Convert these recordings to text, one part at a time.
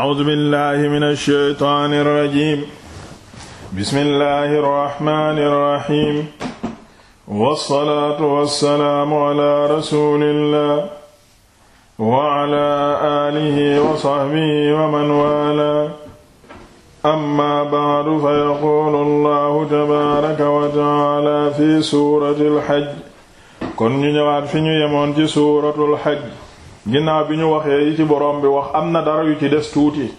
A'uuzu billaahi mina shaytaani rajiim. Bismillaahi rahmaani rahiim. Wassalaatu wassalaamu alaa rasuulillaah wa alaa aalihi wa sahbihi wa man waalaa. Ammaa ba'du fayaquulu Allaahu tabaaraka wa ta'aalaa fi suuratil hajj. Kon ñu ñëwaat fi ñu yemoon ci suuratul hajj. ginnaaw bi ñu waxee yi ci borom bi wax am na dara yu ci des tuuti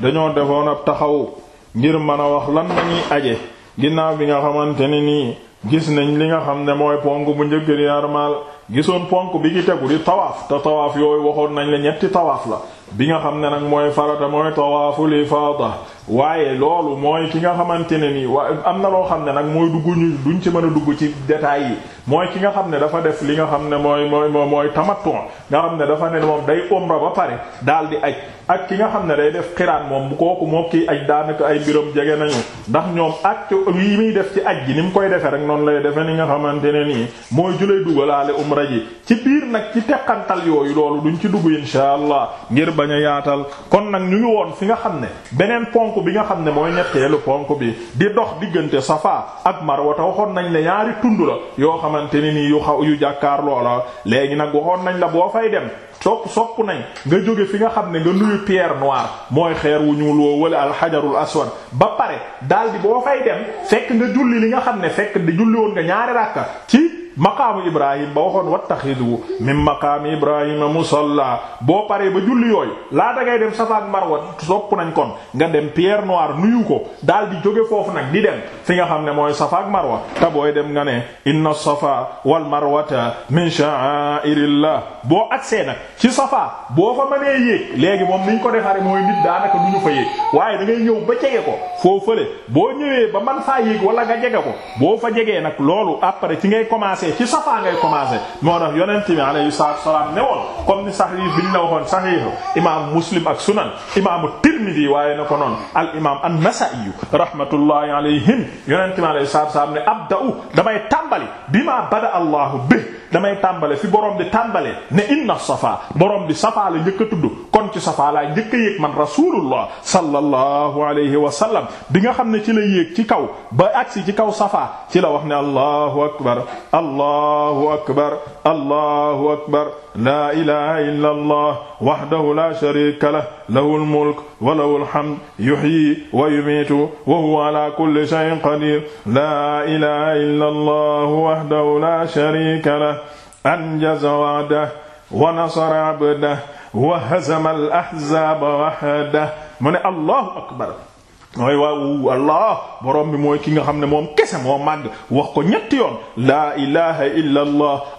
dañoo defoon ab taxaw ngir mën a wax lan lañuy aje ginnaaw bi nga xamante ne nii gis nañ li nga xam ne mooy ponk bu njëkk di armal gisoon ponk bi ci tegu di tawaaf te tawaaf yooyu waxoon nañ la ñetti tawaaf la bi nga xam ne nag mooy farata mooy tawaaful ifaada waaye loolu mooy ki nga xamante ne nii wa am na loo xam ne nag mooy dugg ñu duñ ci mën a dugg ci détails yi mooy ki nga xam ne dafa def li nga xam ne mooy mooy mooy tamattu nga xam ne dafa ne moom day umra ba pare daal di aj ak ki nga xam ne day def xiraan moom bu kooku moo kii daanaka ay mbiram jege nañu ndax ñoom acc yi muy def ci aj ji ni mu koy defee rek noonu lay defe ni nga xamante ne nii mooy julay dugalaale umra ji ci biir nag ci teqantal yooyu loolu duñ ci dugg insha allah ngir bañ a yaatal kon nag ñu woon fi nga xam ne beneen ponk ponk bi nga xam ne mooy ñetteelu ponk bi di dox diggante Safa ak Marwa te waxoon nañ la ñaari tund la yoo xamante ni nii yu xaw yu jàkkaar loola léegi nag waxoon nañ la boo fay dem sopp sopp nañ nga jóge fi nga xam ne nga nuyu pierre noire mooy xeer wu ñuul woo wala alxajarul aswad ba pare daal di boo fay dem fekk nga julli li nga xam ne fekk di julli woon nga ñaari ràkka ci maqaamu ibrahim ba waxoon wattaxidu min maqaami ibrahima musalla boo paree ba julli yooyu laata ngay dem safa ak marwa sopp nañ kon nga dem pierre noire nuyu ko daal di joge foofu nag di dem fi nga xam ne mooy safa ak marwa te booy dem nga ne inna safa wal marwata min sha'airillah boo agsee nag ci safa boo fa mënee yéeg léegi moom niñ ko defaree mooy nit daanaka du ñu fa yéeg waaye da ngay ñëw ba jege ko foo fële boo ñëwee ba man faa yéeg wala nga jege ko boo fa jegee nag loolu après ci ngay commencer ci safa ngay commencer moo tax yonent bi alayhi salaatu salaam ne woon comme ni sahih biñ la waxoon sahih imam muslim ak sunan imam tirmidhi waaye na ko noonu al imam an-nasa'i rahmatullahi alayhim yonent bi alayhi salaatu salaam ne abda'u damay tàmbali bima bada allahu bi damay tàmbale fi borom di tàmbale ne inna safa borom bi safa la njëkk a tudd kon ci safa laa njëkk a yéeg man rasulullah sallallahu alayhi wa sallam bi nga xam ne ci la yéeg ci kaw ba agsi ci kaw safa ci la wax ne allahu akbar allahu akbar allahu akbar la ilaha illa allah wahdahu la sharika lah lahul mulk wa lahul hamd yuhyi wa yumiitu wa huwa ala kulli shay'in qadir la ilaha illa allah wahdahu la sharika lah anjaza wa'da wa nasara abda wa hazama al ahzaba wahda mu ne allahu akbar mooy waaw allah boroom bi mooy ki nga xam ne moom kese moo màgg wax ko ñetti yoon laa ilaha illa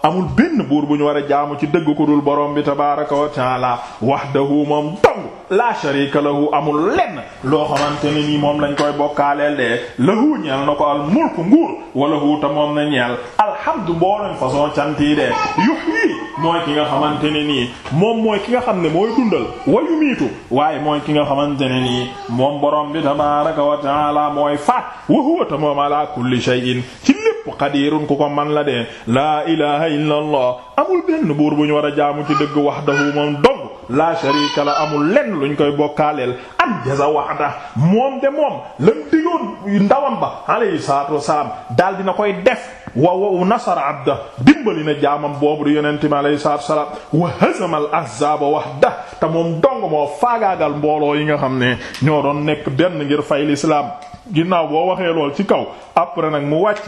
amul benn buur bu ñu war a jaamu ci dëgg ko dul boroom bi tabaraka wa wax wahdahu moom dong la sharika lahu amul lenn loo xamante ne nii moom lañ koy bokkaaleel de lahu ñeel na ko al mulku nguur wala huuta moom na ñeel alhamdu mboolem façon cant yi de mooy ki nga xamante ne nii moom mooy ki nga xam ne mooy dundal wayu miitu waaye mooy ki nga xamante ne nii moom borom bi tabaaraka wa taala mooy faat wa huwa ta moom ala kulli shay'in ci lépp qadirun ku ko man la de laa ilaha illa amul benn buur bu ñu war a jaamu ci dëgg wax wahdahu moom dong la sharika la amul lenn luñ koy bokkaaleel anjaza wa'da moom de moom lam digoon ndawam ba alayhi salaatu wasalaam daal dina koy def wa wa nasara abda dimbali na jaamam boobu di yonente mi alayhi salaatu wa salaam wa hazama al ahzaaba wahda te moom dong moo faagaagal mbooloo yi nga xam ne ñoo doon nekk benn ngir fay lislaam ginnaaw boo waxee lool ci kaw après nag mu wàcc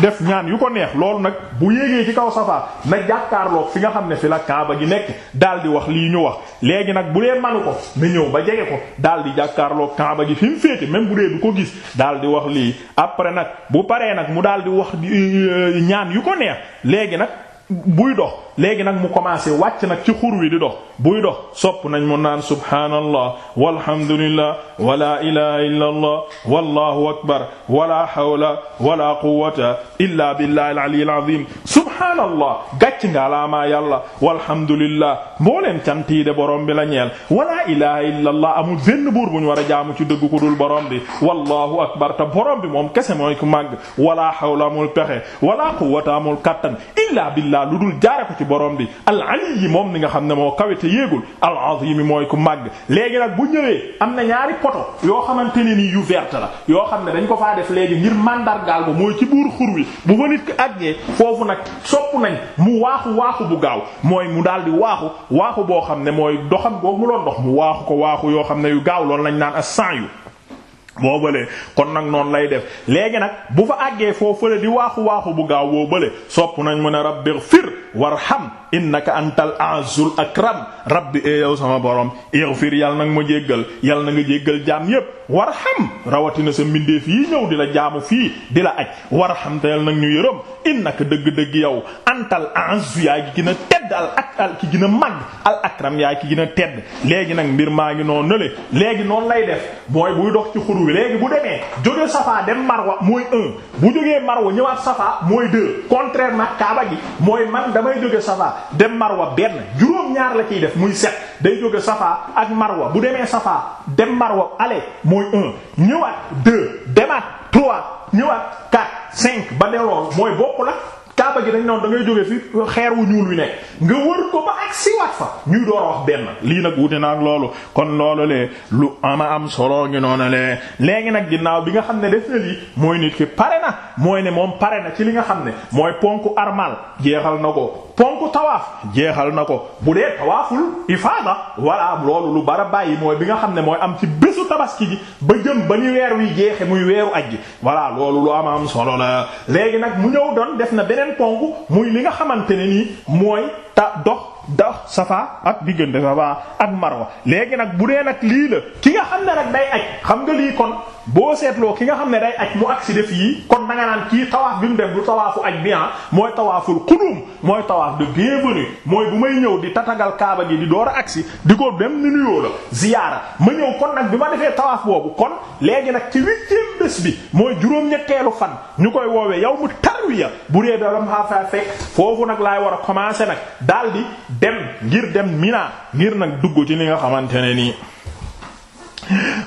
def ñaan yu ko neex loolu nag bu yéegee ci kaw safaa na jàkkaarloog fi nga xam ne fi la kaaba gi nekk daal di wax lii ñu wax léegi nag bu dee manu ko na ñëw ba jege ko daal di jàkkaarloog kaaba gi fi féete même bu dee du ko gis daal di wax lii après nag bu paree nag mu daal di wax euh, ñaan yu ko neex léegi nag buy dox léegi nag mu commencé wàcc nag ci xur wi di dox buy dox sopp nañ mu naan subhaanallah walhamdulillah wala ilaha illa allah wallahu akbar wala hawla wala quwwata illa billahi al-aliyyil azim subhaanallah gàcc nga alaamaa yàlla walhamdulillah mbooleem cantii de borom bi la ñeel wala ilaha illa allah amul benn buur bu ñu war a jaamu ci dëgg ku dul borom bi wallahu akbar te borom bi moom kese mooy ku màgg wala hawla amul pexe wala quwwata amul kattan illa billah lu dul jaare ko ci borom bi al ali yi moom ni nga xam ne moo kawete yéegul al mi mooy ku màgg léegi nag bu ñëwee am na ñaari poto yoo xamante ni nii yu verte la yoo xam ne dañ ko faa def léegi ngir mandargaal ba mooy ci buur xur wi bu fa nit ki àggee foofu nag sopp nañ mu waaxu waaxu bu gaaw mooy mu daal di waaxu waaxu boo xam ne mooy doxam googu mu ndox mu waaxu ko waaxu yoo xam ne yu gaaw loolu lañ naan a as-sa'yu boo bële kon nag noonu lay def léegi nag bu fa àggee foofule di waaxu waaxu bu gaaw woo bële sopp nañ mu ne rabbi fir warham innaka antal azul akram rabbi e yow sama borom ighfir yal nag ma jéggal yal na nga jéggal jaam yépp warham rawatina sa mbindeef yi ñëw di la jaamu fii di la aj warham te yal nag ñu yërëm in innaka dëgg-dëgg yow antal azu yaa gi gën a al ak al ki gën mag màgg al akram yaay ki gën a tedd léegi nag mbir maa ngi noonu nële léegi noonu lay def mooy buy dox ci xur wi léegi bu demee jóge safaa dem marwa mooy bu jógee marwa ñëwaat safa mooy deux contrairement kaaba gi mooy man damay jóge safa dem marwa benn juróom-ñaar la ciy def muy set day jóge safa ak marwa bu demee safa dem marwa ale mooy un ñëwaat deux demaat trois ñëwaat quatre cinq ba ne mooy bokk la kaaba gi dañ noonu da ngay jóge fi xeer wu ñuul wi nekk nga wër ko ba ak siwaat fa ñuy door wax benn lii nag wuute na ak loolu kon loolu lee lu ama am solo ngi noonu lee léegi nag ginnaaw bi nga xam ne def mooy nit ki pare na ne moom pare na ci li nga xam ne mooy ponku armal jeexal na ko ponku tawaaf jeexal na ko bu dee tawaaful ifaada walla loolu lu bara bàyyi mooy bi nga xam ne mooy am ci tabaski ji ba ba ni weer wi jeexe muy weeru ajji walla loolu solo la léegi nag mu ñëw doon def na beneen beneen ponk muy li nga xamante ni mooy ta dox. dox safa ak diggante safa ak marwa léegi nag bu dee nag lii la ki nga xam ne nag day aj xam nga lii kon boo seetloo ki nga xam ne day aj mu agsi def yii kon da nga naan kii tawaaf bi mu def du tawaafu aj bi ah mooy tawaaful xudum mooy tawaaf de bienvenue mooy bu may ñëw di tatagal kaaba gi di door a agsi di ko dem ni nuyoo la ziyaara ma ñëw kon nag bi ma defee tawaaf boobu kon léegi nag ci huitième bés bi mooy juróom-ñetteelu fan ñu koy woowee yow mu tarwiya bu dee dolam xaafa fekk foofu nag laay war a commencer nag daal di dem ngir dem Mina ngir nag dugg ci li nga xamante ne nii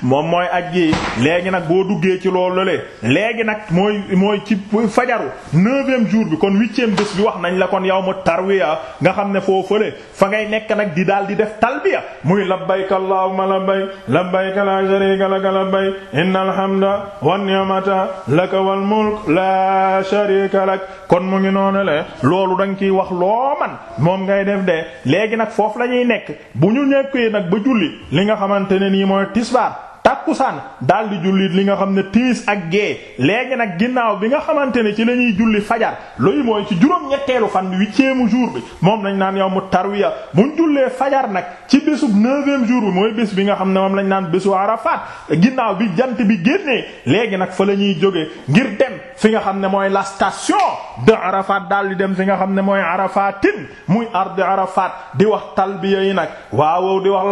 moom mooy aj gi léegi nag boo duggee ci loolu le léegi nag mooy mooy ci fajaru neuvième jur bi kon huitième bés bi wax nañ la kon yow mu tarwiya nga xam ne foo fële fa ngay nekk nag di daal di def talbiya muy labbayka allahumma labbayk labbayka la sharika laka labbayk innal hamda wan ni'mata laka wa mulk la sharika lak kon mu ngi noonu le loolu danga ciy wax loo man moom ngay def de léegi nag foofu lañuy nekk bu ñu nekkee nag ba julli li nga xamante ne nii mooy tisbaar tàkkusaan daal di julli li nga xam ne timis ak gée léegi nag ginnaaw bi nga xamante ne ci la ñuy julli fajar loolu mooy ci juróom-ñetteelu fan huitième jour bi moom lañ naan yow mu tarwiya buñ jullee fajar nag ci bésu neuvième jour bi mooy bés bi nga xam ne moom lañu naan bésu Arafat ginnaaw bi jant bi génnee léegi nag fa la ñuy jóge ngir dem fi nga xam ne mooy la station de Arafat daal di dem fi nga xam ne mooy Arafatin muy ardi Arafat di wax talbiya yi nag waaw di wax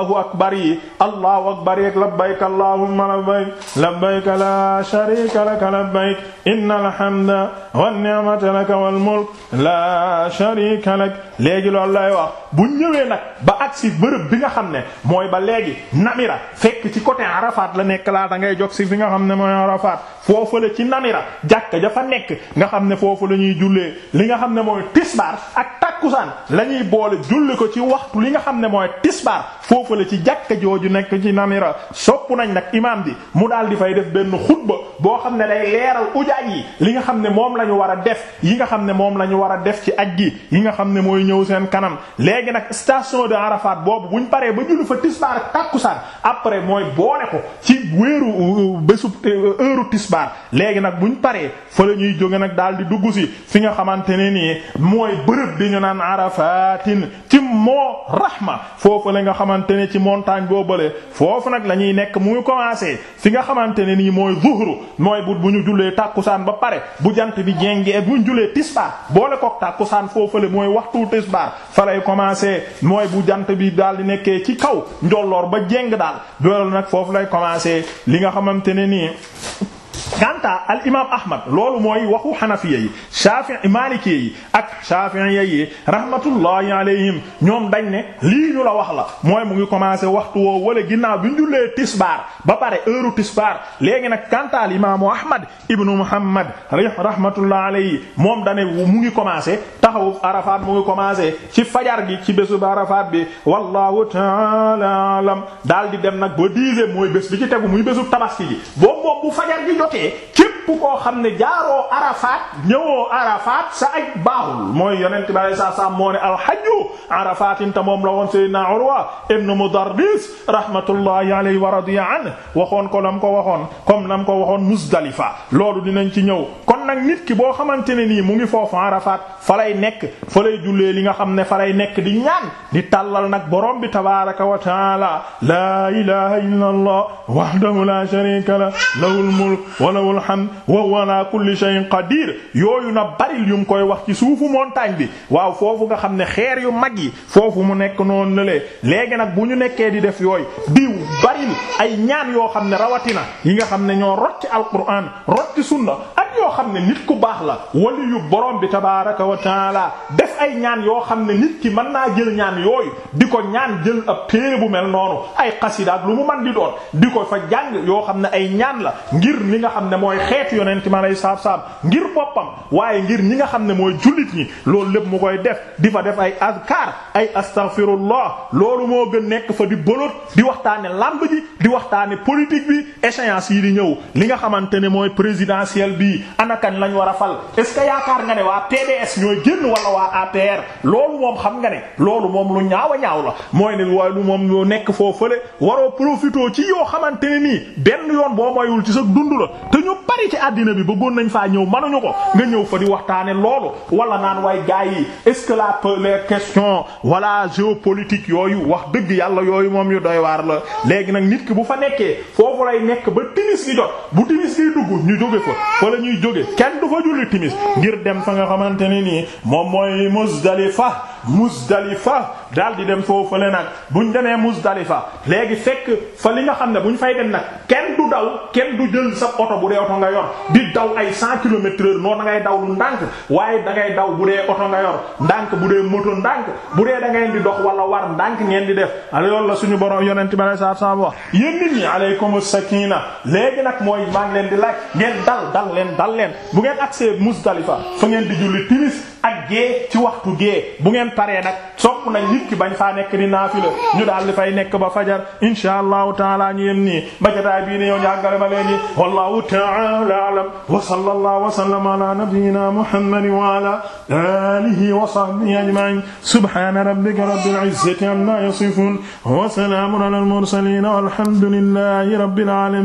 allahu akbar yi allahu akbar yi labbayk allahumma labbayk labbayk la sharika laka labbayk innal hamda wan ni'mata laka wal mulk la sharika lak léegi loolu lay wax bu ñëwee nag ba agsi bërëb bi nga xam ne mooy ba léegi namira nekk ci côté Arafat la nekk laata ngay jog si fi nga xam ne mooy Arafat foofu la ci Namira jàkka ja fa nekk nga xam ne foofu la ñuy jullee li nga xam ne mooy tisbaar ak takkusaan la ñuy boole julli ko ci waxtu li nga xam ne mooy tisbaar foofu la ci jàkka jooju nekk ci Namira sopp nañ nag imaam bi mu daal di fay def benn xutba boo xam ne day leeral ujaaj yi li nga xam ne moom la ñu war a def yi nga xam ne moom la ñu war a def ci aj gi yi nga xam ne mooy ñëw seen kanam léegi nag station de Arafat boobu buñ paree ba julli fa tisbaar ak mooy boole ko ci wéeru euh, bésub euh, heure tisbaar léegi nag buñ paree fa la ñuy jóge nag daal di dugg si fi nga xamante ne nii mooy bërëb bi ñu naan arafatin ci moo rahma foofu la nga xamante ne ci montagne boobale foofu nag la ñuy nekk muy commencé fi nga xamante ne nii mooy zuhru mooy bu bu ñu jullee tàkkusaan ba pare bu jant bi jéngee bu ñu jullee tisbaar boole koog tàkkusaan foofale mooy waxtu tisbaar fa lay commencé mooy bu jant bi daal di nekkee ci kaw njolloor ba jéng daal loolu nag foofu lay commencé li nga xamante ne nii kanta al imam ahmad loolu mooy waxu xanafiya yi shafi'i maliki yi ak shafi'iyya yi rahmatullahi alayhim ñoom dañ ne lii ñu la wax la mooy mu ngi commencé waxtu woo wala ginnaaw bi ñu jullee tisbaar ba pare heure tisbaar léegi nag kanta al imaamu ahmad ibnu muhammad rahmatullahi alayhi moom dane mu ngi commencé taxawu arafat mu ngi commencé ci fajar gi ci bésu arafat bi wallahu ta'ala alam daal di dem nag ba dixième mooy bés bi ci tegu muy bésu tabaski gi boobu moom bu képp koo xam ne jaaroo Arafat ñëwoo Arafat sa aj baaxul mooy yonent bi alayhi salaam moo ne alxaju Arafatin te moom la woon Seydina Urwa ibn Mudarris rahmatullahi alayhi wa radiya anhu waxoon ko nam ko waxoon comme nam ko waxoon Muzdalifa loolu dinañ ci ñëw kon nag nit ki boo xamante ne nii mu ngi foofu Arafat fa lay nekk fa lay jullee li nga xam ne fa lay nekk di ñaan di tàllal nag borom bi tabaaraka wa taala laa ilaaha illallah wahdahu laa shariika lahu lahul mulku wa lahul hamd wa huwa ala kulli shay'in qadir yooyu na baril yu mu koy wax ci suufu montagne bi waaw foofu nga xam ne xeer yu mag yi foofu mu nekk noonu na lee léegi nag bu ñu nekkee di def yooyu diw baril ay ñaan yoo xam ne rawatina yi nga xam ne ñoo rot ci alquran rot ci sunna ak yoo xam ne nit ku baax la wali yu borom bi tabaraka wa taala def ay ñaan yoo xam ne nit ki mën naa jël ñaan yooyu di ko ñaan jël ab téere bu mel noonu ay xasida lu mu man di doon di ko yoo xam ne ay ñaan la xeetu yonent ma lay saab saab ngir boppam waaye ngir ñi nga xam ne mooy jullit ñi loolu lépp mu koy def di fa def ay azkar ay astaghfirullah loolu moo gën nekk fa di bolot di waxtaane lamb ji di waxtaane politique bi échéance yi di ñëw li nga xamante ne mooy présidentielle bi anakan lañ war a fal est-ce que yaakaar nga ne waa PDS ñooy génn wala waa APR loolu moom xam nga ne loolu moom lu ñaaw a ñaaw la mooy ne lu moom ñoo nekk foo fële waroo profité ci yoo xamante ne nii yoon boo moyul ci sa dund la ci àddina bi bëggoon nañ faa ñëw mënuñu ko nga ñëw fa di waxtaane loolu wala naan waay gars yi est-ce que la les questions voilà géopolitique yooyu wax dëgg yàlla yooyu moom yu doy waar la léegi nag nit ki bu fa nekkee foofu lay nekk ba timis li jot bu timis liy dugg ñu jóge ko fa la ñuy jóge kenn du fa julli timis ngir dem fa nga xamante ne nii moom mooy fa Muzdalifa daal di dem foofu le nag buñ demee Muzdalifa léegi fekk fa li nga xam ne bu ñu fay dem nag kenn du daw kenn du jël sa oto bu dee oto nga yor di daw ay cent kilomètres heure noonu da ngay daw lu ndànk waaye da ngay daw bu dee oto nga yor ndànk bu dee moto ndànk bu dee da ngay di dox wala war ndànk ngeen di def ala yoon la suñu borom yonent bi saa saa wax yéen nit ñi aleykum sakina léegi nag mooy maa ngi leen di laaj ngeen dal dal leen da leen bu ngeen agsee Muzdalifa fa ngeen gée ci waxtu gée bu ngeen paree nag sopp nañ nit ki bañ faa nekk di naafila ñu daal di fay nekk ba fajar insha allahu taala ñu yem nii ba jotaay bii ni yow ñaggale ma leen yi wallahu taala alam wa sallallahu wa sallama ala nabiyyina muhammadin wa ala alihi wa sahbihi ajma'in subhana rabbika rabbil izzati amma yasifun wa salamun ala al mursalin walhamdulillahi rabbil alamin